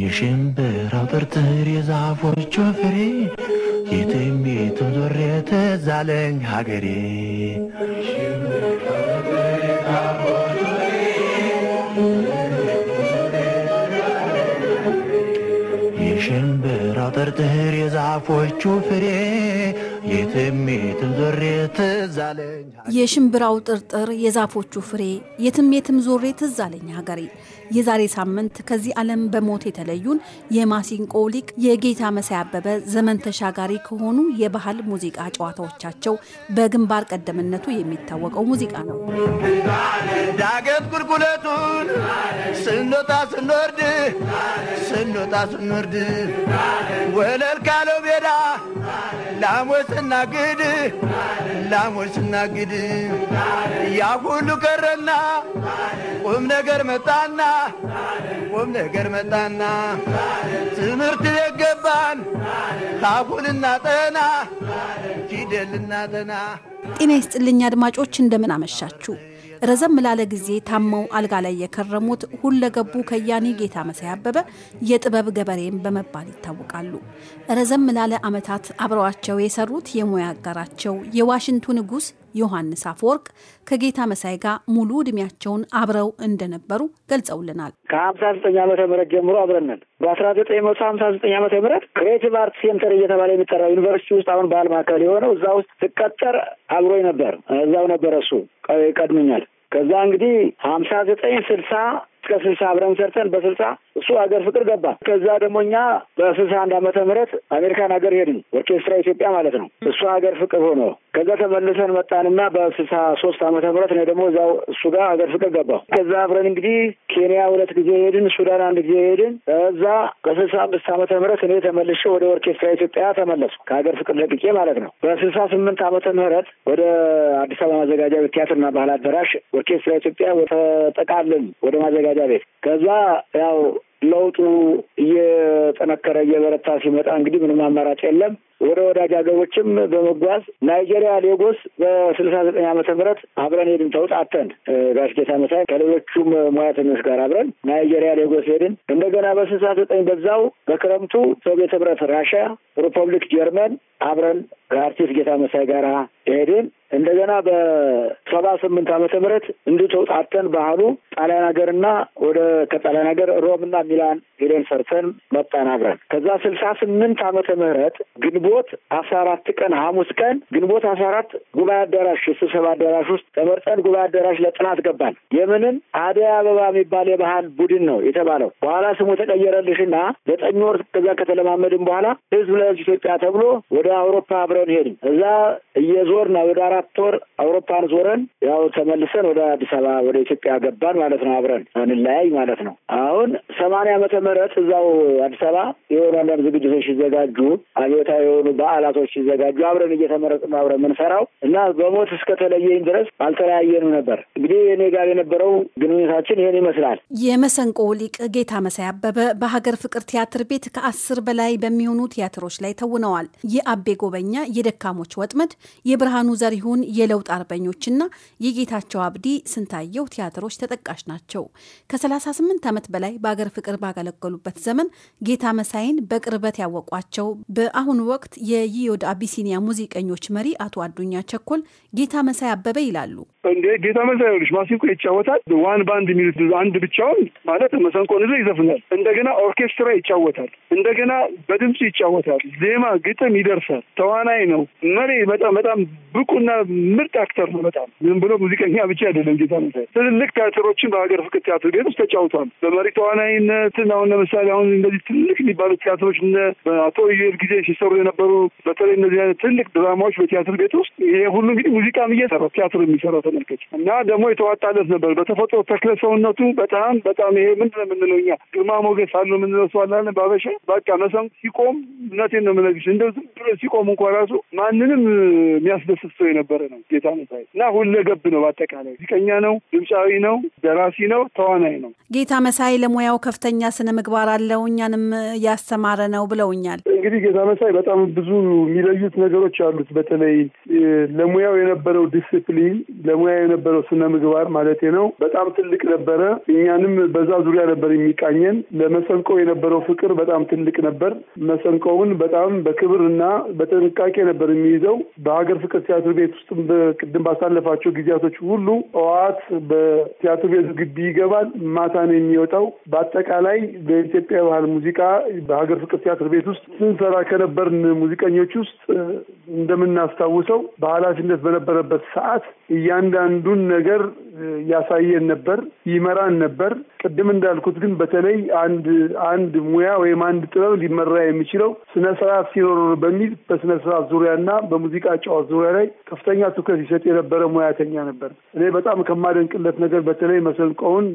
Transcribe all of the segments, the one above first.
የሽምብራው ጥርጥር የዛፎቹ ፍሬ የትም የትም የተዛለኝ ሀገሬ የሽምብራው ጥርጥር የዛፎቹ ፍሬ የሽምብራው ጥርጥር፣ የዛፎቹ ፍሬ፣ የትም የትም ዞሬ ትዝ አለኝ ሀገሬ። የዛሬ ሳምንት ከዚህ ዓለም በሞት የተለዩን የማሲንቆ ሊቅ የጌታ መሳይ አበበ ዘመን ተሻጋሪ ከሆኑ የባህል ሙዚቃ ጨዋታዎቻቸው በግንባር ቀደምነቱ የሚታወቀው ሙዚቃ ነው። ዳገት ቁልቁለቱን ስንወጣ ስንወርድ ስንወጣ ስንወርድ ወለል ካለው ቤዳ ላሞትን ስናግድ ላሞች ስናግድ ያ ሁሉ ቀረና ቁም ነገር መጣና ቁም ነገር መጣና ትምህርት የገባን ካፉል እናጠና ፊደል እናጠና። ጤና ይስጥልኝ አድማጮች እንደምን አመሻችሁ። ረዘም ላለ ጊዜ ታመው አልጋ ላይ የከረሙት ሁለገቡ ከያኒ ጌታ መሳይ አበበ የጥበብ ገበሬም በመባል ይታወቃሉ። ረዘም ላለ ዓመታት አብረዋቸው የሰሩት የሙያ አጋራቸው የዋሽንቱ ንጉሥ ዮሐንስ አፈወርቅ ከጌታ መሳይ ጋር ሙሉ እድሜያቸውን አብረው እንደነበሩ ገልጸውልናል። ከሀምሳ ዘጠኝ ዓመተ ምህረት ጀምሮ አብረንን ነን። በአስራ ዘጠኝ መቶ ሀምሳ ዘጠኝ ዓመተ ምህረት ክሬቲቭ አርት ሴንተር እየተባለ የሚጠራው ዩኒቨርሲቲ ውስጥ አሁን ባህል ማዕከል የሆነው እዛ ውስጥ ስቀጠር አብሮኝ ነበር። እዛው ነበረ እሱ ይቀድምኛል። ከዛ እንግዲህ ሀምሳ ዘጠኝ ስልሳ እስከ ስልሳ አብረን ሰርተን በስልሳ እሱ ሀገር ፍቅር ገባ። ከዛ ደግሞ እኛ በስልሳ አንድ ዓመተ ምህረት አሜሪካን ሀገር ሄድን፣ ኦርኬስትራ ኢትዮጵያ ማለት ነው። እሱ ሀገር ፍቅር ሆኖ ከዛ ተመልሰን መጣንና በስልሳ ሶስት ዓመተ ምህረት እኔ ደግሞ እዛው እሱ ጋር ሀገር ፍቅር ገባሁ። ከዛ አብረን እንግዲህ ኬንያ ሁለት ጊዜ ሄድን፣ ሱዳን አንድ ጊዜ ሄድን። እዛ በስልሳ አምስት ዓመተ ምህረት እኔ ተመልሼ ወደ ኦርኬስትራ ኢትዮጵያ ተመለስኩ፣ ከሀገር ፍቅር ለቅቄ ማለት ነው። በስልሳ ስምንት ዓመተ ምህረት ወደ አዲስ አበባ ማዘጋጃ ቤት ቲያትርና ባህል አዳራሽ ኦርኬስትራ ኢትዮጵያ ተጠቃልን ወደ ማዘጋጃ ቤት ከዛ ያው ለውጡ እየጠነከረ እየበረታ ሲመጣ እንግዲህ ምንም አማራጭ የለም። ወደ ወዳጅ ሀገሮችም በመጓዝ ናይጄሪያ ሌጎስ በስልሳ ዘጠኝ ዓመተ ምህረት አብረን ሄድን ተውጣተን ጋሽ ጌታ መሳይ ከሌሎቹም ሙያተኞች ጋር አብረን ናይጄሪያ ሌጎስ ሄድን። እንደገና በስልሳ ዘጠኝ በዛው በክረምቱ ሶቪየት ህብረት፣ ራሽያ፣ ሪፐብሊክ ጀርመን አብረን ከአርቲስት ጌታ መሳይ ጋር ሄድን። እንደገና በሰባ ስምንት ዓመተ ምህረት እንዲሁ ተውጣተን ባህሉ ጣሊያን ሀገርና ወደ ከጣሊያን ሀገር ሮምና ሚላን ሄደን ሰርተን መጣን አብረን። ከዛ ስልሳ ስምንት ዓመተ ምህረት ግንቦት አስራ አራት ቀን ሐሙስ ቀን ግንቦት አስራ አራት ጉባኤ አዳራሽ የስብሰባ አዳራሽ ውስጥ ተመርጠን ጉባኤ አዳራሽ ለጥናት ገባን። የምንን አደይ አበባ የሚባል የባህል ቡድን ነው የተባለው። በኋላ ስሙ ተቀየረልሽና ዘጠኝ ወር ከዛ ከተለማመድን በኋላ ህዝብ ለህዝብ ኢትዮጵያ ተብሎ ወደ አውሮፓ አብረን ሄድን። እዛ እየዞርን ወደ አራት አራት ወር አውሮፓን ዞረን ያው ተመልሰን ወደ አዲስ አበባ ወደ ኢትዮጵያ ገባን ማለት ነው። አብረን አንለያይ ማለት ነው። አሁን ሰማንያ ዓመተ ምህረት እዛው አዲስ አበባ የሆኑ አንዳንድ ዝግጅቶች ሲዘጋጁ፣ አብዮታዊ የሆኑ በዓላቶች ሲዘጋጁ አብረን ነው አብረን የምንሰራው እና በሞት እስከተለየኝ ድረስ አልተለያየንም ነበር። እንግዲህ እኔ ጋር የነበረው ግንኙነታችን ይህን ይመስላል። የመሰንቆ ሊቅ ጌታ መሳይ አበበ በሀገር ፍቅር ቲያትር ቤት ከአስር በላይ በሚሆኑ ቲያትሮች ላይ ተውነዋል። የአቤ ጎበኛ፣ የደካሞች ወጥመድ፣ የብርሃኑ ዘሪሁ ይሁን የለውጥ አርበኞችና የጌታቸው አብዲ ስንታየው ቲያትሮች ተጠቃሽ ናቸው። ከ38 ዓመት በላይ በአገር ፍቅር ባገለገሉበት ዘመን ጌታ መሳይን በቅርበት ያወቋቸው በአሁኑ ወቅት የይዮድ አቢሲኒያ ሙዚቀኞች መሪ አቶ አዱኛ ቸኮል ጌታ መሳይ አበበ ይላሉ። እንዴ ጌታ መሳይ ሆነች ማሲንቆ ይጫወታል። ዋን ባንድ የሚሉት አንድ ብቻውን ማለት መሰንቆን ይዞ ይዘፍናል። እንደገና ኦርኬስትራ ይጫወታል። እንደገና በድምፅ ይጫወታል። ዜማ፣ ግጥም ይደርሳል። ተዋናይ ነው። መሪ በጣም በጣም ብቁና ምርጥ አክተር ነው። በጣም ዝም ብሎ ሙዚቀኛ ብቻ አይደለም ጌታ ትልልቅ ቲያትሮችን በሀገር ፍቅር ቲያትር ቤት ውስጥ ተጫውቷል። በመሪ ተዋናይነትን አሁን ለምሳሌ አሁን እንደዚህ ትልቅ የሚባሉ ቲያትሮች አቶ ኢዩኤል ጊዜ ሲሰሩ የነበሩ በተለይ እነዚህ አይነት ትልቅ ድራማዎች በቲያትር ቤት ውስጥ ይሄ ሁሉ እንግዲህ ሙዚቃም እየሰራ ቲያትር የሚሰራ ተመልከች እና ደግሞ የተዋጣለት ነበር። በተፈጥሮ ተክለ ሰውነቱ በጣም በጣም ይሄ ምንድን ነው የምንለው እኛ ግርማ ሞገስ አሉ የምንለው ሰው አላለ ባበሻ በቃ መሰም ሲቆም እናቴን ነው የምነግርሽ እንደው ዝም ብሎ ሲቆም እንኳ ራሱ ማንንም የሚያስደስት ሰው የነበ የነበረ ነው። ጌታ እና ሁለገብ ነው። በአጠቃላይ ሙዚቀኛ ነው፣ ድምፃዊ ነው፣ ደራሲ ነው፣ ተዋናይ ነው። ጌታ መሳይ ለሙያው ከፍተኛ ስነ ምግባር አለው፣ እኛንም ያስተማረ ነው ብለውኛል። እንግዲህ ጌታ መሳይ በጣም ብዙ የሚለዩት ነገሮች አሉት። በተለይ ለሙያው የነበረው ዲስፕሊን፣ ለሙያው የነበረው ስነ ምግባር ማለት ነው በጣም ትልቅ ነበረ። እኛንም በዛ ዙሪያ ነበር የሚቃኘን። ለመሰንቆ የነበረው ፍቅር በጣም ትልቅ ነበር። መሰንቆውን በጣም በክብር እና በጥንቃቄ ነበር የሚይዘው። በሀገር ፍቅር ቲያትር ቤት ውስጥም በቅድም ባሳለፋቸው ጊዜያቶች ሁሉ ጠዋት በቲያትር ቤቱ ግቢ ይገባል፣ ማታ ነው የሚወጣው። በአጠቃላይ በኢትዮጵያ ባህል ሙዚቃ በሀገር ፍቅር ቲያትር ቤት ውስጥ ስንሰራ ከነበርን ሙዚቀኞች ውስጥ እንደምናስታውሰው በኃላፊነት በነበረበት ሰዓት እያንዳንዱን ነገር ያሳየን ነበር፣ ይመራን ነበር። ቅድም እንዳልኩት ግን በተለይ አንድ አንድ ሙያ ወይም አንድ ጥበብ ሊመራ የሚችለው ስነ ስርዓት ሲኖር በሚል በስነ ስርዓት ዙሪያና በሙዚቃ ጨዋት ዙሪያ ላይ ከፍተኛ ትኩረት ይሰጥ የነበረ ሙያተኛ ነበር። እኔ በጣም ከማደንቅለት ነገር በተለይ መሰንቆውን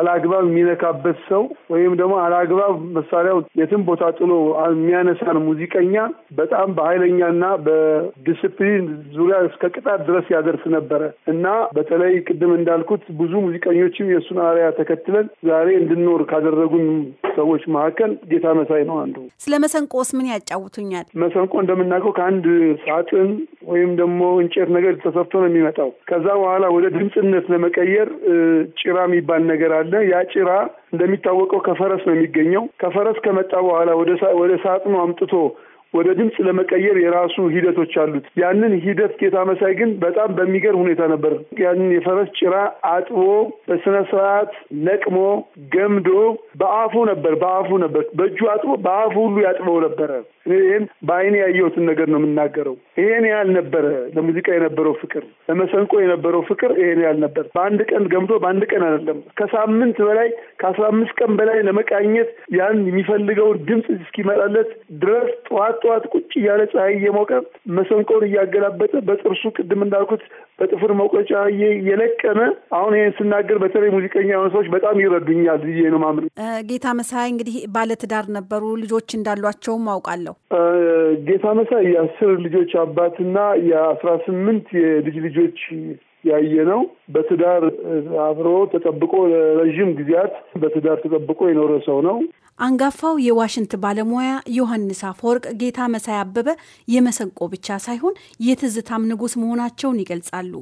አላግባብ የሚነካበት ሰው ወይም ደግሞ አላግባብ መሳሪያው የትም ቦታ ጥሎ የሚያነሳን ሙዚቀኛ በጣም በኃይለኛና በዲስፕሊን ዙሪያ እስከ ቅጣት ድረስ ያደርስ ነበረ እና በተለይ ቅድም እንዳልኩት ብዙ ሙዚቀኞችም የእሱን አርያ ተከትለን ዛሬ እንድኖር ካደረጉን ሰዎች መካከል ጌታ መሳይ ነው አንዱ። ስለ መሰንቆስ ምን ያጫውቱኛል? መሰንቆ እንደምናውቀው ከአንድ ሳጥን ወይም ደግሞ እንጨት ነገር ተሰፍቶ ነው የሚመጣው። ከዛ በኋላ ወደ ድምፅነት ለመቀየር ጭራ የሚባል ነገር አለ። ያ ጭራ እንደሚታወቀው ከፈረስ ነው የሚገኘው። ከፈረስ ከመጣ በኋላ ወደ ሳጥኑ አምጥቶ ወደ ድምፅ ለመቀየር የራሱ ሂደቶች አሉት። ያንን ሂደት ጌታ መሳይ ግን በጣም በሚገር ሁኔታ ነበር ያንን የፈረስ ጭራ አጥቦ በስነ ስርዓት ለቅሞ ገምዶ በአፉ ነበር በአፉ ነበር በእጁ አጥቦ በአፉ ሁሉ ያጥበው ነበረ። ይህን በአይኔ ያየሁትን ነገር ነው የምናገረው። ይሄን ያህል ነበረ ለሙዚቃ የነበረው ፍቅር፣ ለመሰንቆ የነበረው ፍቅር ይሄን ያህል ነበር። በአንድ ቀን ገምቶ በአንድ ቀን አይደለም ከሳምንት በላይ ከአስራ አምስት ቀን በላይ ለመቃኘት ያን የሚፈልገውን ድምፅ እስኪመጣለት ድረስ ጠዋት ጠዋት ቁጭ እያለ ፀሐይ እየሞቀ መሰንቆውን እያገላበጠ በጥርሱ ቅድም እንዳልኩት በጥፍር መቁረጫ እየለቀመ አሁን ይህን ስናገር በተለይ ሙዚቀኛ የሆኑ ሰዎች በጣም ይረዱኛል ብዬ ነው ማምን። ጌታ መሳይ እንግዲህ ባለትዳር ነበሩ፣ ልጆች እንዳሏቸውም አውቃለሁ። ጌታ መሳይ የአስር ልጆች አባትና የአስራ ስምንት የልጅ ልጆች ያየ ነው። በትዳር አብሮ ተጠብቆ ለረዥም ጊዜያት በትዳር ተጠብቆ የኖረ ሰው ነው። አንጋፋው የዋሽንት ባለሙያ ዮሐንስ አፈወርቅ ጌታ መሳይ አበበ የመሰንቆ ብቻ ሳይሆን የትዝታም ንጉሥ መሆናቸውን ይገልጻሉ።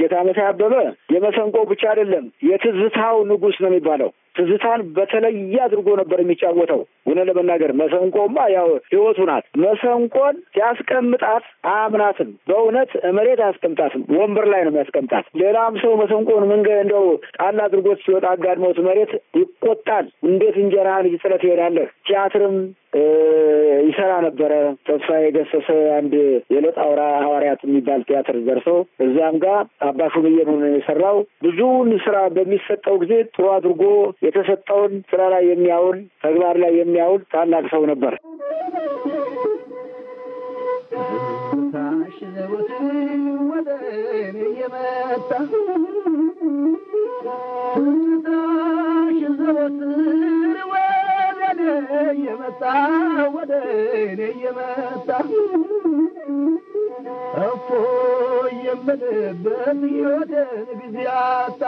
ጌታ መሳይ አበበ የመሰንቆ ብቻ አይደለም የትዝታው ንጉሥ ነው የሚባለው። ትዝታን በተለየ አድርጎ ነበር የሚጫወተው። እውነት ለመናገር መሰንቆማ ያው ህይወቱ ናት። መሰንቆን ሲያስቀምጣት አያምናትም። በእውነት መሬት አያስቀምጣትም፣ ወንበር ላይ ነው የሚያስቀምጣት። ሌላም ሰው መሰንቆን መንገ እንደው ጣል አድርጎት ሲወጣ አጋድመውት መሬት ይቆጣል። እንዴት እንጀራህን ጥለህ ይሄዳለህ? ቲያትርም ይሰራ ነበረ። ተስፋዬ ገሰሰ አንድ የለጥ አውራ ሐዋርያት የሚባል ቲያትር ደርሶ እዚያም ጋር አባ ሹምዬ ነው የሰራው። ብዙውን ስራ በሚሰጠው ጊዜ ጥሩ አድርጎ የተሰጠውን ስራ ላይ የሚያውል ተግባር ላይ የሚያውል ታላቅ ሰው ነበር። ሽዘወት እየመጣ ወደ እኔ እየመጣ እፎ የምልበት ሕይወትን ጊዜ አጣ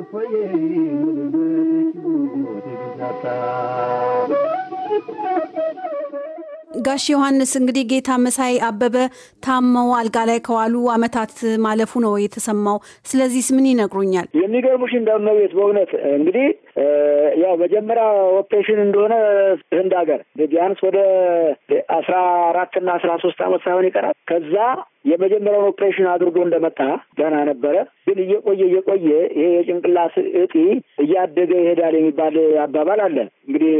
እፎዬ የምልበት ጊዜ አጣ ጋሽ ዮሐንስ እንግዲህ ጌታ መሳይ አበበ ታመው አልጋ ላይ ከዋሉ አመታት ማለፉ ነው የተሰማው። ስለዚህስ ምን ይነግሩኛል? የሚገርሙሽ እንደመቤት በእውነት እንግዲህ ያው መጀመሪያ ኦፕሬሽን እንደሆነ ህንድ ሀገር ቢያንስ ወደ አስራ አራት እና አስራ ሶስት አመት ሳይሆን ይቀራል ከዛ የመጀመሪያውን ኦፕሬሽን አድርጎ እንደመጣ ደህና ነበረ። ግን እየቆየ እየቆየ ይሄ የጭንቅላት እጢ እያደገ ይሄዳል የሚባል አባባል አለ። እንግዲህ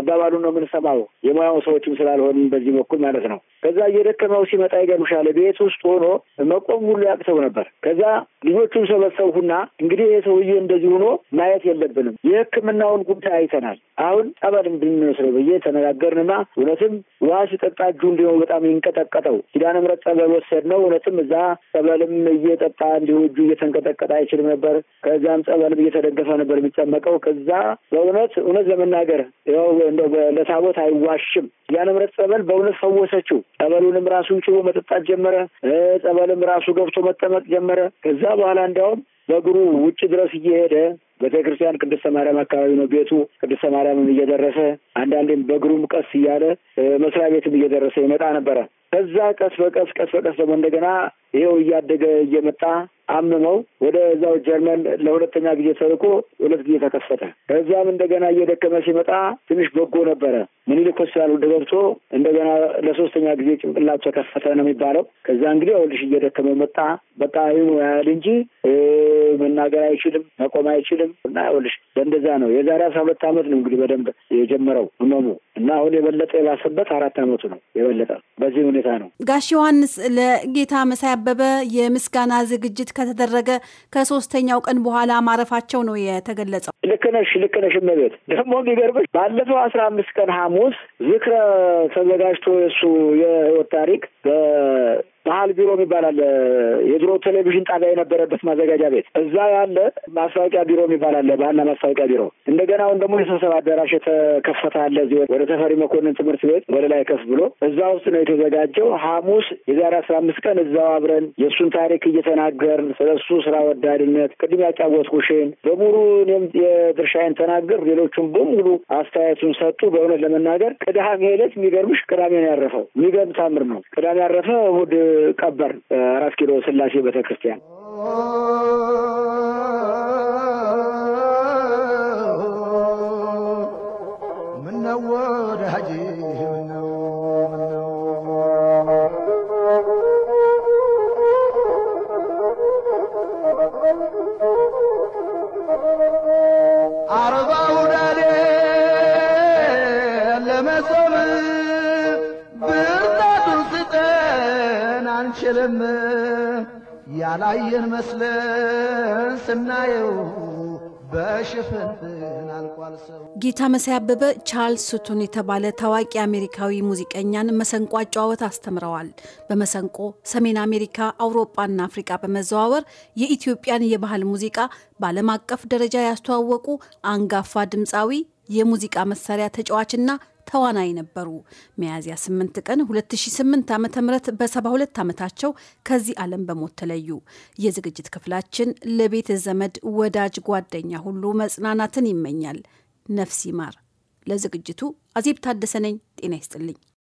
አባባሉን ነው የምንሰማው፣ የሙያው ሰዎችም ስላልሆን በዚህ በኩል ማለት ነው። ከዛ እየደከመው ሲመጣ ይገርምሻል፣ ቤት ውስጥ ሆኖ መቆም ሁሉ ያቅተው ነበር። ከዛ ልጆቹም ሰበሰብሁና እንግዲህ ይሄ ሰውዬ እንደዚህ ሆኖ ማየት የለብንም የሕክምናውን ጉዳይ አይተናል። አሁን ጠበል እንድንመስለው ብዬ ተነጋገርንና እውነትም ውሃ ሲጠጣ እጁ እንዲሆን በጣም ይንቀጠቀጠው ኪዳነ ምሕረት ጠበል ስለወሰድ ነው። እውነትም እዛ ጸበልም እየጠጣ እንዲሁ እጁ እየተንቀጠቀጠ አይችልም ነበር። ከዛም ጸበልም እየተደገፈ ነበር የሚጠመቀው። ከዛ በእውነት እውነት ለመናገር ያው ለታቦት አይዋሽም። ያን ምረት ጸበል በእውነት ፈወሰችው። ጸበሉንም ራሱን ችቦ መጠጣት ጀመረ። ጸበልም ራሱ ገብቶ መጠመቅ ጀመረ። ከዛ በኋላ እንዲያውም በእግሩ ውጭ ድረስ እየሄደ ቤተ ክርስቲያን ቅድስተ ማርያም አካባቢ ነው ቤቱ። ቅድስተ ማርያምም እየደረሰ አንዳንዴም በእግሩም ቀስ እያለ መስሪያ ቤትም እየደረሰ ይመጣ ነበረ። ከዛ ቀስ በቀስ ቀስ በቀስ ደግሞ እንደገና ይኸው እያደገ እየመጣ አምመው ወደ ጀርመን ለሁለተኛ ጊዜ ተልኮ ሁለት ጊዜ ተከፈተ። ከዚያም እንደገና እየደከመ ሲመጣ ትንሽ በጎ ነበረ። ምኒልክ ሆስፒታል ገብቶ እንደገና ለሶስተኛ ጊዜ ጭንቅላቱ ተከፈተ ነው የሚባለው። ከዚያ እንግዲህ ይኸውልሽ እየደከመ መጣ። በቃ ይኑ ያህል እንጂ መናገር አይችልም፣ መቆም አይችልም። እና ይኸውልሽ በእንደዛ ነው የዛሬ አስራ ሁለት ዓመት ነው እንግዲህ በደንብ የጀመረው ህመሙ እና አሁን የበለጠ የባሰበት አራት ዓመቱ ነው የበለጠ። በዚህ ሁኔታ ነው ጋሽ ዮሐንስ ለጌታ መሳይ አበበ የምስጋና ዝግጅት ከተደረገ ከሶስተኛው ቀን በኋላ ማረፋቸው ነው የተገለጸው። ልክነሽ ልክነሽ እመቤት ደግሞ የሚገርምሽ ባለፈው አስራ አምስት ቀን ሐሙስ ዝክረ ተዘጋጅቶ የእሱ የህይወት ታሪክ ባህል ቢሮ ይባላል የድሮ ቴሌቪዥን ጣቢያ የነበረበት ማዘጋጃ ቤት እዛ ያለ ማስታወቂያ ቢሮ ይባላል ባህልና ማስታወቂያ ቢሮ። እንደገና አሁን ደግሞ የስብሰባ አዳራሽ የተከፈተ አለ እዚህ ወደ ተፈሪ መኮንን ትምህርት ቤት ወደ ላይ ከፍ ብሎ እዛ ውስጥ ነው የተዘጋጀው። ሀሙስ የዛሬ አስራ አምስት ቀን እዛው አብረን የእሱን ታሪክ እየተናገርን ስለ እሱ ስራ ወዳድነት ቅድም ያጫወትኩሽን በሙሉ እኔም የድርሻዬን ተናገር፣ ሌሎቹም በሙሉ አስተያየቱን ሰጡ። በእውነት ለመናገር ቅዳሜ ዕለት የሚገርምሽ ቅዳሜ ነው ያረፈው። የሚገርም ታምር ነው። ቅዳሜ ያረፈ እሑድ قبر راس كيلو سلاسي بتكريستيان من نور عرضه ودالي لمسه አልችልም ያላየን መስለን ስናየው ጌታ መሳይ አበበ ቻርልስ ሱቱን የተባለ ታዋቂ አሜሪካዊ ሙዚቀኛን መሰንቆ አጨዋወት አስተምረዋል። በመሰንቆ ሰሜን አሜሪካ፣ አውሮፓና አፍሪካ በመዘዋወር የኢትዮጵያን የባህል ሙዚቃ በዓለም አቀፍ ደረጃ ያስተዋወቁ አንጋፋ ድምፃዊ፣ የሙዚቃ መሳሪያ ተጫዋችና ተዋናይ ነበሩ። ሚያዝያ 8 ቀን 2008 ዓ ም በ72 ዓመታቸው ከዚህ ዓለም በሞት ተለዩ። የዝግጅት ክፍላችን ለቤተ ዘመድ፣ ወዳጅ፣ ጓደኛ ሁሉ መጽናናትን ይመኛል። ነፍስ ይማር። ለዝግጅቱ አዜብ ታደሰ ነኝ። ጤና ይስጥልኝ።